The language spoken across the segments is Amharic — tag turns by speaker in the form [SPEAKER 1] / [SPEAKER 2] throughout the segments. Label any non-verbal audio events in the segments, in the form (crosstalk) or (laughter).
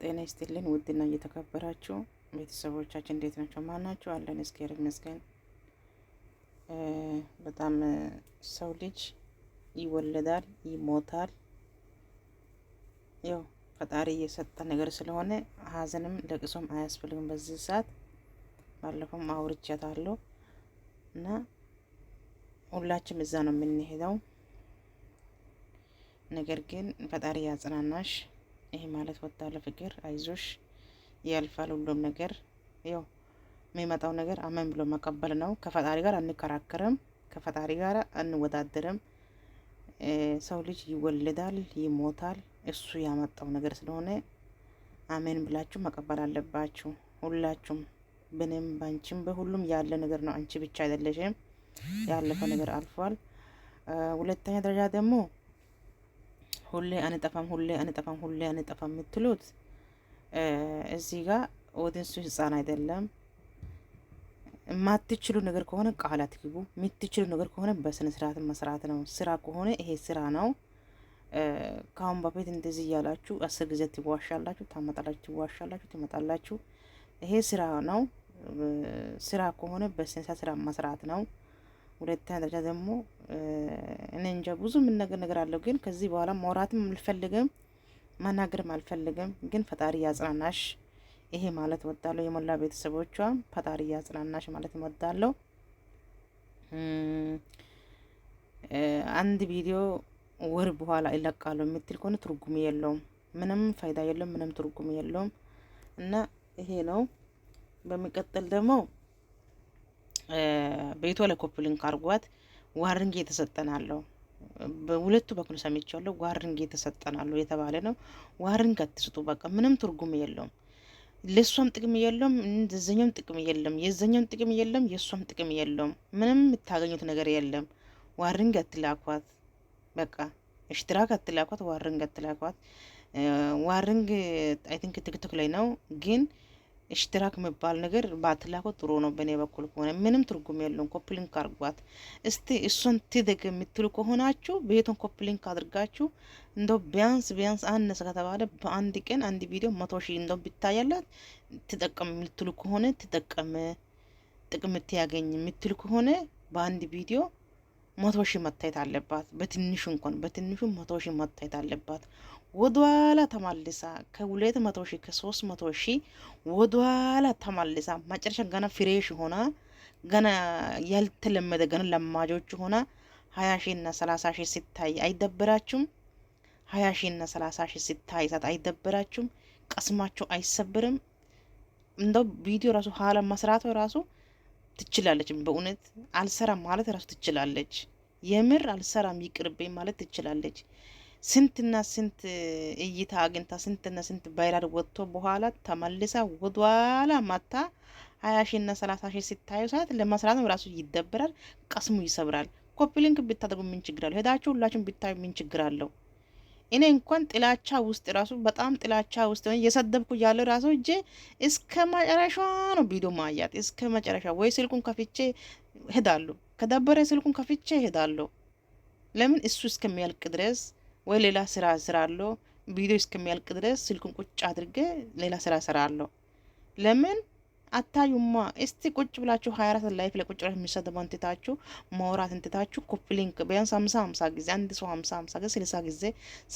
[SPEAKER 1] ጤና ይስጥልን ውድና እየተከበራችሁ ቤተሰቦቻችን እንዴት ናቸው? ማን ናቸው አለን። እግዚአብሔር ይመስገን። በጣም ሰው ልጅ ይወለዳል፣ ይሞታል። ያው ፈጣሪ እየሰጠ ነገር ስለሆነ ሀዘንም ለቅሶም አያስፈልግም። በዚህ ሰዓት ባለፈውም አውርቻታለሁ እና ሁላችንም እዛ ነው የምንሄደው። ነገር ግን ፈጣሪ ያጽናናሽ ይሄ ማለት ወዳለ ፍቅር አይዞሽ፣ ያልፋል ሁሉም ነገር። ያው የሚመጣው ነገር አመን ብሎ መቀበል ነው። ከፈጣሪ ጋር አንከራከርም፣ ከፈጣሪ ጋር አንወዳደርም። ሰው ልጅ ይወለዳል፣ ይሞታል። እሱ ያመጣው ነገር ስለሆነ አመን ብላችሁ መቀበል አለባችሁ። ሁላችሁም ብንም ባንቺም በሁሉም ያለ ነገር ነው። አንቺ ብቻ አይደለሽም። ያለፈው ነገር አልፏል። ሁለተኛ ደረጃ ደግሞ ሁሌ አንጠፋም፣ ሁሌ አንጠፋም፣ ሁሌ አንጠፋም የምትሉት እዚህ ጋር ወደንሱ ህፃን አይደለም። የማትችሉ ነገር ከሆነ ቃል አትግቡ። የምትችሉ ነገር ከሆነ በስነ ስርዓት መስራት ነው። ስራ ከሆነ ይሄ ስራ ነው። ከአሁን በፊት እንደዚህ እያላችሁ አስር ጊዜ ትዋሻላችሁ፣ ታመጣላችሁ፣ ትዋሻላችሁ፣ ትመጣላችሁ። ይሄ ስራ ነው። ስራ ከሆነ በስነ ስርዓት ስራ መስራት ነው። ሁለተኛ ደረጃ ደግሞ እኔ እንጃ ብዙ የምናገር ነገር አለው፣ ግን ከዚህ በኋላ ማውራትም አልፈልግም፣ መናገርም አልፈልግም። ግን ፈጣሪ ያጽናናሽ ይሄ ማለት ወዳለሁ። የሞላ ቤተሰቦቿ ፈጣሪ ያጽናናሽ ማለት ወዳለሁ። አንድ ቪዲዮ ወር በኋላ ይለቃሉ የምትል ከሆነ ትርጉም የለውም፣ ምንም ፋይዳ የለውም፣ ምንም ትርጉም የለውም። እና ይሄ ነው። በሚቀጥል ደግሞ ቤቷ ለኮፕሊንግ አርጓት ዋርንጌ ተሰጠናለሁ በሁለቱ በኩል ሰምቻለሁ። ዋርንጌ ተሰጠናለሁ የተባለ ነው። ዋርንግ አትስጡ። በቃ ምንም ትርጉም የለውም። ለሷም ጥቅም የለውም፣ እንደዛኛውም ጥቅም የለም፣ የዛኛውም ጥቅም የለም፣ የሷም ጥቅም የለውም። ምንም የምታገኙት ነገር የለም። ዋርንግ አትላኳት። በቃ እሽትራክ አትላኳት። ዋርንግ አትላኳት። ዋርንግ አይ ቲንክ ቲክቶክ ላይ ነው ግን እሽትራክ የሚባል ነገር ባትላኮ ጥሩ ነው። በእኔ በኩል ከሆነ ምንም ትርጉም የለውም። ኮፕሊንክ አድርጓት እስቲ እሱን ትደግ የምትሉ ከሆናችሁ ቤቱን ኮፕሊንክ አድርጋችሁ እንደ ቢያንስ ቢያንስ አነሰ ከተባለ በአንድ ቀን አንድ ቪዲዮ መቶ ሺህ እንደ ቢታያላት ትጠቀም የምትሉ ከሆነ ትጠቀም ጥቅም ትያገኝ የምትሉ ከሆነ በአንድ ቪዲዮ መቶ ሺህ መታየት አለባት። በትንሹ እንኳን በትንሹ መቶ ሺህ መታየት አለባት። ወደኋላ ተማልሳ ከሁለት መቶ ሺህ ከሶስት መቶ ሺህ ወደኋላ ተማልሳ መጨረሻ ገና ፍሬሽ ሆና ገና ያልተለመደ ገና ለማጆች ሆና ሀያ ሺህ እና ሰላሳ ሺህ ሲታይ አይደብራችሁም? ሀያ ሺህ እና ሰላሳ ሺህ ሲታይ ሳት አይደብራችሁም? ቀስማችሁ አይሰብርም? እንደው ቪዲዮ ራሱ ሀላ መስራቱ ራሱ ትችላለች። በእውነት አልሰራም ማለት ራሱ ትችላለች። የምር አልሰራም ይቅርብኝ ማለት ትችላለች። ስንትና ስንት እይታ አግኝታ ስንትና ስንት ቫይራል ወጥቶ በኋላ ተመልሳ ወደኋላ ማታ ሀያ ሺ እና ሰላሳ ሺ ስታዩ ሰዓት ለመስራት ራሱ ይደብራል፣ ቀስሙ ይሰብራል። ኮፒ ሊንክ ብታደርጉ ምን ችግር አለው? ሄዳችሁ ሁላችሁም ብታዩ ምን ችግር አለው? እኔ እንኳን ጥላቻ ውስጥ ራሱ በጣም ጥላቻ ውስጥ ሆኜ እየሰደብኩ ያለ ራሱ እጄ እስከ መጨረሻ ነው ቪዲዮ ማያት እስከ መጨረሻ ወይ ስልኩን ከፍቼ ሄዳሉ። ከዳበረ ስልኩን ከፍቼ ሄዳሉ። ለምን እሱ እስከሚያልቅ ድረስ ወይ ሌላ ስራ ስራለሁ። ቪዲዮ እስከሚያልቅ ድረስ ስልኩን ቁጭ አድርጌ ሌላ ስራ ስራለሁ። ለምን አታዩማ። እስቲ ቁጭ ብላችሁ ሀያ አራት ላይፍ ላይ ቁጭ ብላችሁ የሚሰደበው እንትታችሁ መውራት እንትታችሁ ኮፕሊንክ ቢያንስ ሀምሳ ሀምሳ ጊዜ አንድ ሰው ሀምሳ ሀምሳ ጊዜ ስልሳ ጊዜ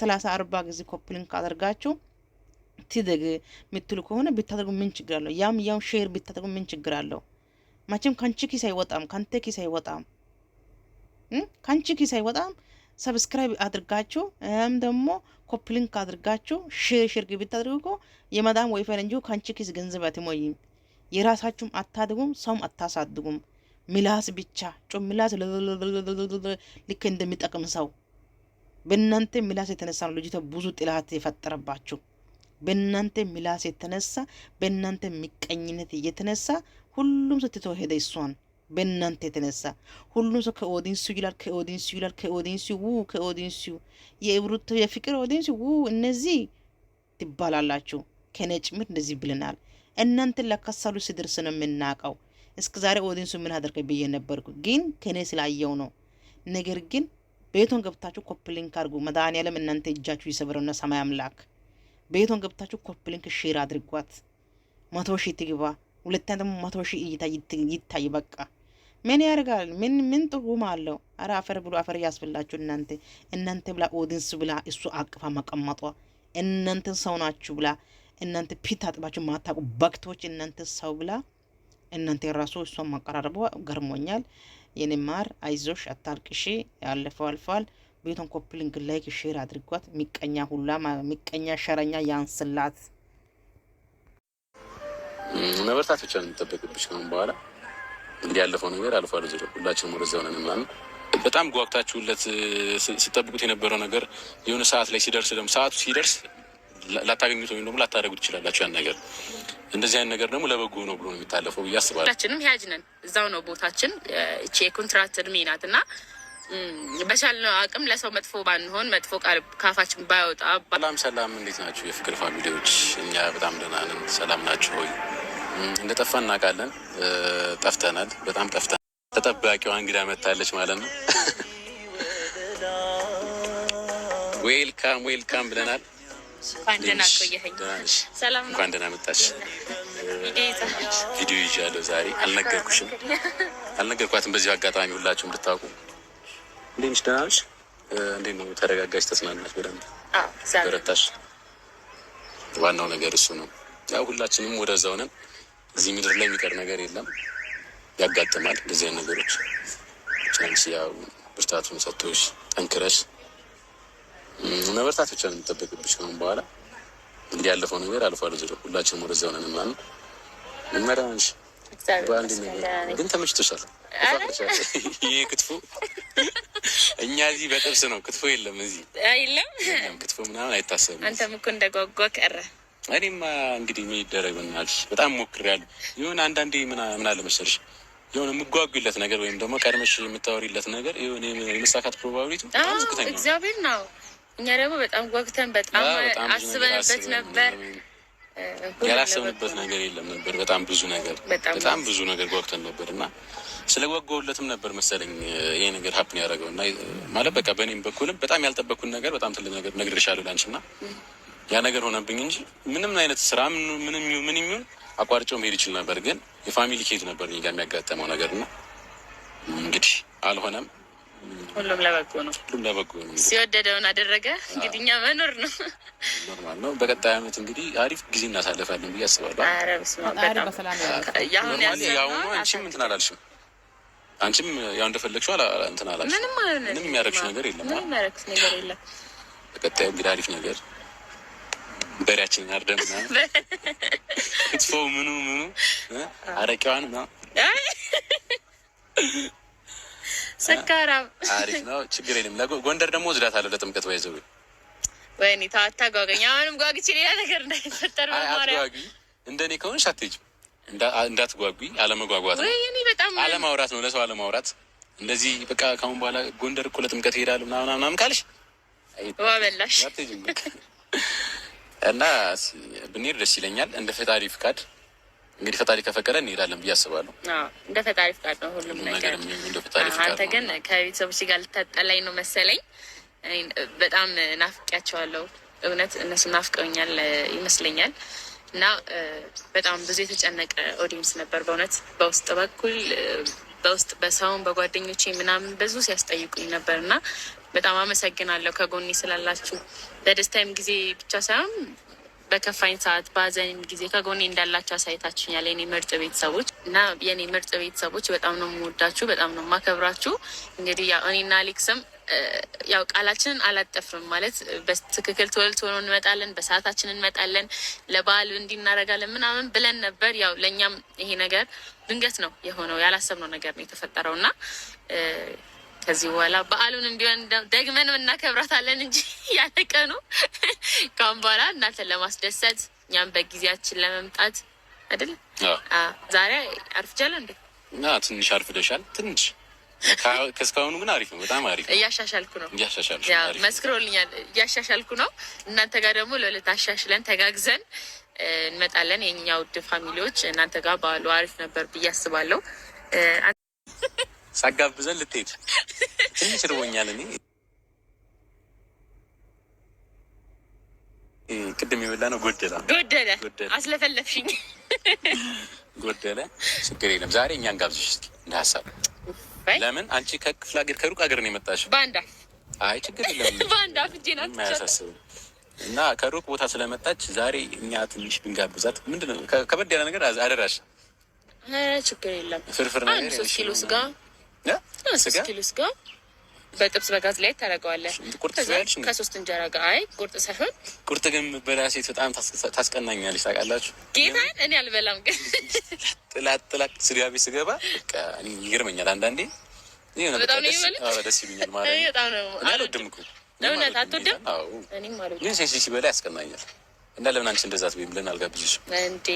[SPEAKER 1] ሰላሳ አርባ ጊዜ ኮፕሊንክ አደርጋችሁ ትደግ የምትሉ ከሆነ ብታደርጉ ምን ችግር አለው? ያም ያም ሼር ብታደርጉ ምን ችግር አለው? መቼም ከንቺ ኪስ አይወጣም፣ ከንተ ኪስ አይወጣም፣ ከንቺ ኪስ አይወጣም። ሰብስክራይብ አድርጋችሁ እም ደግሞ ኮፕሊንክ አድርጋችሁ ሼር ሼር ብታደርጉ እኮ የመዳም ወይፈን እንጂ ከአንቺ ኪስ ገንዘብ አትሞይም። የራሳችሁም አታድጉም፣ ሰውም አታሳድጉም። ምላስ ብቻ ጮም ምላስ ልክ እንደሚጠቅም ሰው በእናንተ ምላስ የተነሳ ነው ልጅቷ ብዙ ጥላት የፈጠረባችሁ። በእናንተ ምላስ የተነሳ በእናንተ ምቀኝነት እየተነሳ ሁሉም ስትቶ ሄደ እሷን። በእናንተ የተነሳ ሁሉም ሰው ከኦዲንሱ ይላል ከኦዲንሱ ይላል ከኦዲንሱ ው ከኦዲንሱ የእብሩት የፍቅር ኦዲንሱ ው እነዚህ ትባላላችሁ። ከነጭምር እንደዚህ ብለናል። እናንተን ለከሰሉ ስድርስ ነው የምናውቀው። እስከ ዛሬ ኦዲንሱ ምን አደርገ ብዬ ነበርኩ፣ ግን ከኔ ስላየው ነው። ነገር ግን ቤቱን ገብታችሁ ኮፕሊንክ አድርጉ። መድኃኒዓለም እናንተ እጃችሁ ይሰብረውና ሰማይ አምላክ ቤቱን ገብታችሁ ኮፕሊንክ ሼር አድርጓት። መቶ ሺህ ትግባ። ሁለተኛ ደግሞ መቶ ሺህ እይታ ይታይ። በቃ ምን ያደርጋል? ምን ምን ጥሩም አለው? አረ አፈር ብሎ አፈር ያስብላችሁ እናንተ እናንተ ብላ ኦዲንስ ብላ እሱ አቅፋ መቀመጧ እናንተን ሰው ናችሁ ብላ እናንተ ፊት አጥባችሁ ማታቁ በክቶች እናንተ ሰው ብላ እናንተ የራሱ እሷን ማቀራረቧ ገርሞኛል። የኔ ማር አይዞሽ፣ አታልቅሺ፣ ያለፈው አልፏል። ቤቷን ኮፕሊንግ ላይክ ሼር አድርጓት። ሚቀኛ ሁላ ሚቀኛ ሸረኛ ያንስላት።
[SPEAKER 2] መበርታት ብቻ እንጠበቅብሽ የሚጠበቅብሽ። በኋላ እንግዲህ ያለፈው ነገር አልፏል። ዞ ሁላችንም ወደዚ ሆነን ምናምን በጣም ጓግታችሁለት ስጠብቁት የነበረው ነገር የሆነ ሰዓት ላይ ሲደርስ ደግሞ ሰዓቱ ሲደርስ ላታገኙት ወይም ደግሞ ላታደረጉ ትችላላችሁ። ያን ነገር እንደዚህ አይነት ነገር ደግሞ ለበጎ ነው ብሎ ነው የሚታለፈው ብዬ አስባለሁ።
[SPEAKER 3] ሁላችንም ያጅ ነን፣ እዛው ነው ቦታችን። እቺ የኮንትራት እድሜ ናት እና በቻልነው አቅም ለሰው መጥፎ ባንሆን መጥፎ ቃል ካፋችን ባይወጣ።
[SPEAKER 2] ሰላም ሰላም፣ እንዴት ናቸው የፍቅር ፋሚሊዎች? እኛ በጣም ደህና ነን። ሰላም ናቸው ሆይ? እንደ ጠፋ እናውቃለን። ጠፍተናል፣ በጣም ጠፍተናል። ተጠባቂዋ እንግዳ መታለች ማለት ነው። (laughs) ዌልካም ዌልካም ብለናል። እንኳን ደህና ሰላም ነው። መጣች። ቪዲዮ ይዣለሁ ዛሬ። አልነገርኩሽም፣ አልነገርኳትም። በዚሁ አጋጣሚ ሁላችሁ እንድታውቁ። እንዴት ነሽ? ደህና ነሽ? እንዴት ነው? ተረጋጋሽ? በደንብ በረታሽ? ዋናው ነገር እሱ ነው። ያው ሁላችንም ወደዛው ነን። እዚህ ምድር ላይ የሚቀር ነገር የለም። ያጋጥማል እንደዚህ አይነት ነገሮች። ያው ብርታቱን ሰጥቶሽ ጠንክረሽ መበርታት ብቻ ነው ከሆን በኋላ እንግዲህ ያለፈው ነገር አልፎ ዞሮ ሁላችንም ወደዚያ ሆነን ምናምን መዳንሽ በአንድ ግን ተመችቶሻል። ይሄ ክትፎ (laughs) እኛ እዚህ በጥብስ ነው፣ ክትፎ የለም እዚህ
[SPEAKER 3] የለም፣
[SPEAKER 2] ክትፎ ምናምን አይታሰብም።
[SPEAKER 3] አንተም እኮ ጓጓ ቀረ።
[SPEAKER 2] እኔማ እንግዲህ ምን ይደረግ ብናልሽ በጣም ሞክሬያለሁ። ይሁን አንዳንዴ ምን አለ መሰልሽ የሆነ የምጓጉለት ነገር ወይም ደግሞ ቀድመሽ የምታወሪለት ነገር የሆነ የመሳካት ፕሮባቢሊቲ በጣም ዝቅተኛ
[SPEAKER 3] እግዚአብሔር ነው እኛ ደግሞ በጣም ጓግተን በጣም አስበንበት ነበር።
[SPEAKER 2] ያላሰብንበት ነገር የለም ነበር። በጣም ብዙ ነገር በጣም ብዙ ነገር ጓግተን ነበር እና ስለ ጓጓሁለትም ነበር መሰለኝ ይሄ ነገር ሀፕን ያደረገው እና ማለት በቃ በእኔም በኩልም በጣም ያልጠበኩን ነገር በጣም ትልቅ ነገር ነግሬሻለሁ ላንቺ እና ያ ነገር ሆነብኝ እንጂ ምንም አይነት ስራ ምንም ምን የሚሆን መሄድ ይችል ነበር፣ ግን የፋሚሊ ኬዝ ነበር እኔ የሚያጋጠመው ነገር እና እንግዲህ አልሆነም።
[SPEAKER 3] ሁሉም ለበጎ ነው።
[SPEAKER 2] ሁሉም ለበጎ ነው።
[SPEAKER 3] ሲወደደውን አደረገ። እንግዲህ እኛ መኖር ነው
[SPEAKER 2] ኖርማል ነው። በቀጣይ አመት እንግዲህ አሪፍ ጊዜ እናሳልፋለን ብዬ አስባለሁ። ያሁኑ አንቺም እንትን አላልሽም። አንቺም ያው እንደፈለግሽው እንትን አላልሽም።
[SPEAKER 3] ምንም የሚያረግሽ ነገር የለም። ምንም የሚያረግሽ ነገር የለም።
[SPEAKER 2] በቀጣይ እንግዲህ አሪፍ ነገር በሬያችን አርደምና ክትፎ ምኑ ምኑ አረቂዋን ና ሰካራም አሪፍ ነው። ችግር የለም። ጎንደር ደግሞ ዝዳት አለው ለጥምቀት ወይ ዘው
[SPEAKER 3] ወይኔ ታታ ጓገኝ አሁንም ጓግቼ ሌላ ነገር እንዳይፈጠር
[SPEAKER 2] መማሪያ እንደ እኔ ከሆንሽ አትሄጂም። እንዳትጓጉ አለመጓጓት ነው፣ አለማውራት ነው፣ ለሰው አለማውራት። እንደዚህ በቃ ከአሁን በኋላ ጎንደር እኮ ለጥምቀት ይሄዳሉ ምናምን ምናምን ካልሽ ዋበላሽ እና ብንሄድ ደስ ይለኛል እንደ ፈጣሪ ፍቃድ እንግዲህ ፈጣሪ ከፈቀደ እንሄዳለን ብዬ አስባለሁ።
[SPEAKER 3] እንደ ፈጣሪ ፍቃድ ነው ሁሉም
[SPEAKER 2] ነገር። አንተ
[SPEAKER 3] ግን ከቤተሰቦች ጋር ልታጠላኝ ነው መሰለኝ። በጣም ናፍቄያቸዋለሁ። እውነት እነሱ ናፍቀውኛል ይመስለኛል። እና በጣም ብዙ የተጨነቀ ኦዲየንስ ነበር በእውነት በውስጥ በኩል በውስጥ በሰውን በጓደኞቼ ምናምን ብዙ ሲያስጠይቁኝ ነበር እና በጣም አመሰግናለሁ ከጎኔ ስላላችሁ በደስታይም ጊዜ ብቻ ሳይሆን በከፋኝ ሰዓት በሀዘኔም ጊዜ ከጎኔ እንዳላቸው አሳይታችኛል። የኔ ምርጥ ቤተሰቦች እና የኔ ምርጥ ቤተሰቦች በጣም ነው የምወዳችሁ፣ በጣም ነው የማከብራችሁ። እንግዲህ ያው እኔና አሌክስም ያው ቃላችንን አላጠፍም ማለት በትክክል ቶሎ ሆኖ እንመጣለን፣ በሰዓታችን እንመጣለን፣ ለበዓል እንዲህ እናደርጋለን ምናምን ብለን ነበር። ያው ለእኛም ይሄ ነገር ድንገት ነው የሆነው፣ ያላሰብነው ነገር ነው የተፈጠረው እና ከዚህ በኋላ በዓሉንም እንዲሆን ደግመን እናከብራታለን እንጂ (laughs) ያለቀኑ ካሁን (laughs) በኋላ እናንተን ለማስደሰት እኛም በጊዜያችን ለመምጣት አይደል። ዛሬ አርፍጃለሁ እንዴ?
[SPEAKER 2] እና ትንሽ አርፍደሻል። ትንሽ ከእስካሁኑ ግን አሪፍ ነው። በጣም አሪፍ
[SPEAKER 3] እያሻሻልኩ ነው። መስክሮልኛል። እያሻሻልኩ ነው። እናንተ ጋር ደግሞ ለሁለት አሻሽለን ተጋግዘን እንመጣለን። የኛ ውድ ፋሚሊዎች እናንተ ጋር በዓሉ አሪፍ ነበር ብዬ አስባለሁ።
[SPEAKER 2] ሳጋብዘን ልትሄድ ትንሽ ርቦኛል። እኔ ቅድም የበላ ነው ጎደለ
[SPEAKER 3] ጎደለ አስለፈለፍሽኝ
[SPEAKER 2] ጎደለ። ችግር የለም ዛሬ እኛን ጋብዝሽ እስኪ እንደ ሀሳብ። ለምን አንቺ ከክፍለ ሀገር ከሩቅ ሀገር ነው የመጣሽ። በአንድ አይ ችግር የለም
[SPEAKER 3] (laughs) በአንድ አፍ ናት
[SPEAKER 2] አያሳስብም። እና ከሩቅ ቦታ ስለመጣች ዛሬ እኛ ትንሽ ብንጋብዛት ምንድን ነው ከበድ ያለ ነገር አደራሽ። ችግር የለም ፍርፍር
[SPEAKER 3] ነገር ሶስት ኪሎ ስጋ ሶስት ኪሎ ስጋ በጥብስ በጋዝ ላይ ታደርገዋለህ። ከሶስት እንጀራ ጋር አይ ቁርጥ ሳይሆን
[SPEAKER 2] ቁርጥ ግን ሴት በጣም ታስቀናኛለች። ታውቃላችሁ
[SPEAKER 3] ጌታን እኔ አልበላም፣ ግን
[SPEAKER 2] ጥላት ጥላት ቤት ስገባ ይገርመኛል። አንዳንዴ
[SPEAKER 3] በጣም ነው ደስ ማለት ነው።
[SPEAKER 2] ሴት ሲበላ ያስቀናኛል። እና ለምን አንቺ እንደዛ አትበይም? ለምን አልጋብዝሽም
[SPEAKER 3] እንዴ?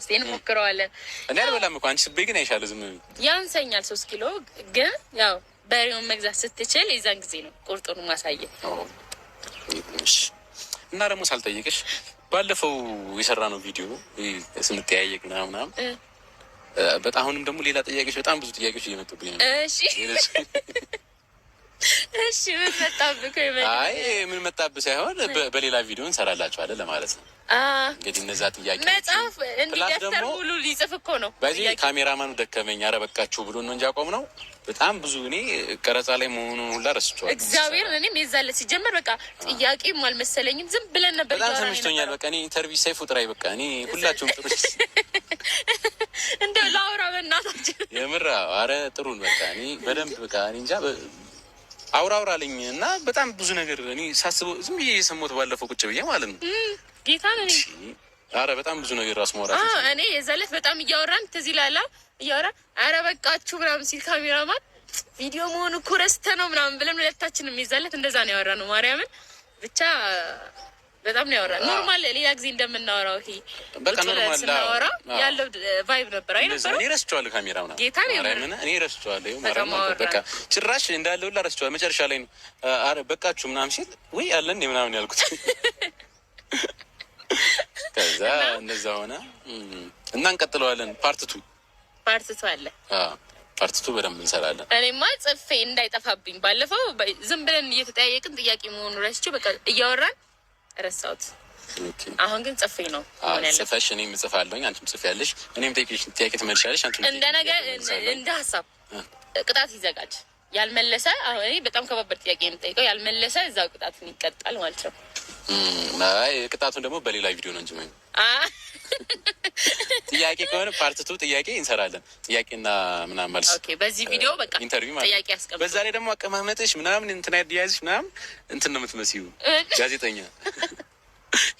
[SPEAKER 3] እስቲ እንሞክረዋለን።
[SPEAKER 2] እኔ አልበላም እኮ አንቺ ስትበይ ግን አይሻለ ዝም
[SPEAKER 3] ያንሰኛል። ሶስት ኪሎ ግን ያው በሬውን መግዛት ስትችል የዛን ጊዜ ነው ቁርጡን ማሳየት።
[SPEAKER 2] እና ደግሞ ሳልጠይቅሽ ባለፈው የሰራ ነው ቪዲዮ ስንተያየቅ ምናምናም በጣም አሁንም ደግሞ ሌላ ጥያቄዎች፣ በጣም ብዙ ጥያቄዎች
[SPEAKER 3] እየመጡብኝ ነው። እሺ እሺ ምን መጣብህ?
[SPEAKER 2] አይ ምን መጣብህ ሳይሆን በሌላ ቪዲዮ እንሰራላችኋለን ለማለት ነው። እንግዲህ እነዛ ጥያቄ
[SPEAKER 3] መጽሐፍ እንዲደፍተር ሙሉ ሊጽፍ እኮ ነው።
[SPEAKER 2] በዚህ ካሜራማኑ ደከመኝ አረበቃችሁ ብሎ ነው እንጂ አቆም ነው። በጣም ብዙ እኔ ቀረጻ ላይ መሆኑን ሁላ ረስቼዋለሁ።
[SPEAKER 3] እግዚአብሔር እኔም የዛለ ሲጀመር በቃ ጥያቄም አልመሰለኝም ዝም ብለን ነበር።
[SPEAKER 2] በጣም ተመችቶኛል። በቃ እኔ ኢንተርቪው ሰይፉ ጥራይ በቃ እኔ ሁላችሁም ጥሩ
[SPEAKER 3] እንደ ላውራ በእናታችን
[SPEAKER 2] የምራ አረ ጥሩን በቃ እኔ በደንብ በቃ እኔ እንጃ አውራ እና በጣም ብዙ ነገር እኔ ሳስበው ዝም ብዬ የሰማሁት ባለፈው ቁጭ ብዬ ማለት ነው ጌታ ነው። አረ በጣም ብዙ ነገር ራስ ማውራት
[SPEAKER 3] እኔ የዛ በጣም እያወራን ትዝ ይላላ እያወራ አረ በቃችሁ ምናምን ሲል ካሜራማን ቪዲዮ መሆኑ እኮ ረስተ ነው ምናምን ብለን ሁለታችንም የዛ እንደዛ ነው ያወራ ነው ማርያምን ብቻ በጣም ነው ያወራል። ኖርማል ሌላ ጊዜ እንደምናወራው ይሄ በቃ ኖርማል ስናወራ ያለው ቫይብ ነበር። አይ
[SPEAKER 2] ነበር እኔ ረስቼዋለሁ፣ ካሜራ ምናምን ጌታ ነው ምናምን እኔ ረስቼዋለሁ። በቃ ጭራሽ እንዳለው ሁላ ረስቼዋለሁ። መጨረሻ ላይ ነው አረ በቃችሁ ምናም ሲል ወይ አለን ምናምን ያልኩት። (laughs) ከዛ እንደዛ ሆነ እና እንቀጥለዋለን። ፓርት ፓርት
[SPEAKER 3] ፓርትቱ አለ
[SPEAKER 2] ፓርት ፓርትቱ በደንብ እንሰራለን።
[SPEAKER 3] እኔማ ጽፌ እንዳይጠፋብኝ ባለፈው ዝም ብለን እየተጠያየቅን ጥያቄ መሆኑ ረስቼው በቃ እያወራን ረሳሁት። አሁን ግን ጽፌ ነው
[SPEAKER 2] ጽፈሽ፣ እኔም ጽፋለሁኝ፣ አንቺም ጽፌያለሽ። እኔም ጥያቄ ትመልሻለሽ።
[SPEAKER 3] እንደ ነገ እንደ ሀሳብ ቅጣት ይዘጋጅ። ያልመለሰ አሁን እኔ በጣም ከባበር ጥያቄ የምጠይቀው ያልመለሰ እዛው ቅጣትን ይቀጣል ማለት ነው።
[SPEAKER 2] ቅጣቱን ደግሞ በሌላ ቪዲዮ ነው እንጂ ጥያቄ ከሆነ ፓርት ቱ ጥያቄ እንሰራለን። ጥያቄና ምናምን መልስ
[SPEAKER 3] በዚህ ቪዲዮ በቃ ኢንተርቪው ማለት ጥያቄ
[SPEAKER 2] ያስቀምጥ። በዛ ላይ ደግሞ አቀማመጥሽ ምናምን እንትን አያያዝሽ ምናምን እንትን ነው የምትመስዩ ጋዜጠኛ።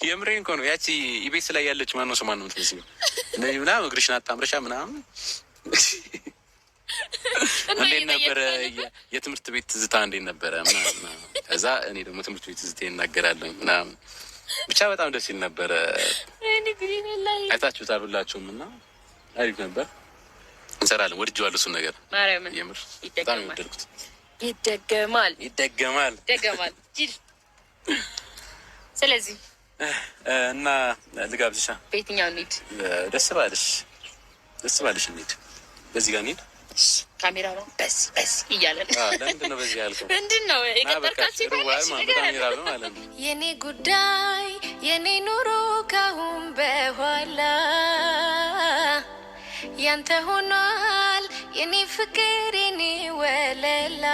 [SPEAKER 2] የምሬን እኮ ነው። ያቺ ኢቤስ ላይ ያለች ማን ነው ስሟ ነው የምትመስዩ እነዚህ ምናምን እግርሽን አጣምረሻ ምናምን። እንዴት ነበረ የትምህርት ቤት ትዝታ? እንዴት ነበረ ምናምን። ከዛ እኔ ደግሞ ትምህርት ቤት ትዝታ ይናገራለሁ ምናምን ብቻ በጣም ደስ ይል ነበረ። አይታችሁታል ሁላችሁም እና አሪፍ ነበር። እንሰራለን። ዋሉ እሱን ነገር የምር
[SPEAKER 3] በጣም ይደገማል፣
[SPEAKER 2] ይደገማል፣
[SPEAKER 3] ይደገማል። ስለዚህ
[SPEAKER 2] እና ልጋብዝሻ።
[SPEAKER 3] በየትኛው እንሂድ?
[SPEAKER 2] ደስ ባለሽ፣ ደስ ባለሽ እንሂድ። በዚህ ጋር እንሂድ
[SPEAKER 3] ካሜራ ነው በስ በስ እያለን (laughs) ምንድን ነው
[SPEAKER 2] (laughs) የኔ ጉዳይ የኔ ኑሮ ካሁን በኋላ ያንተ ሆኗል የኔ ፍቅር የኔ ወለላ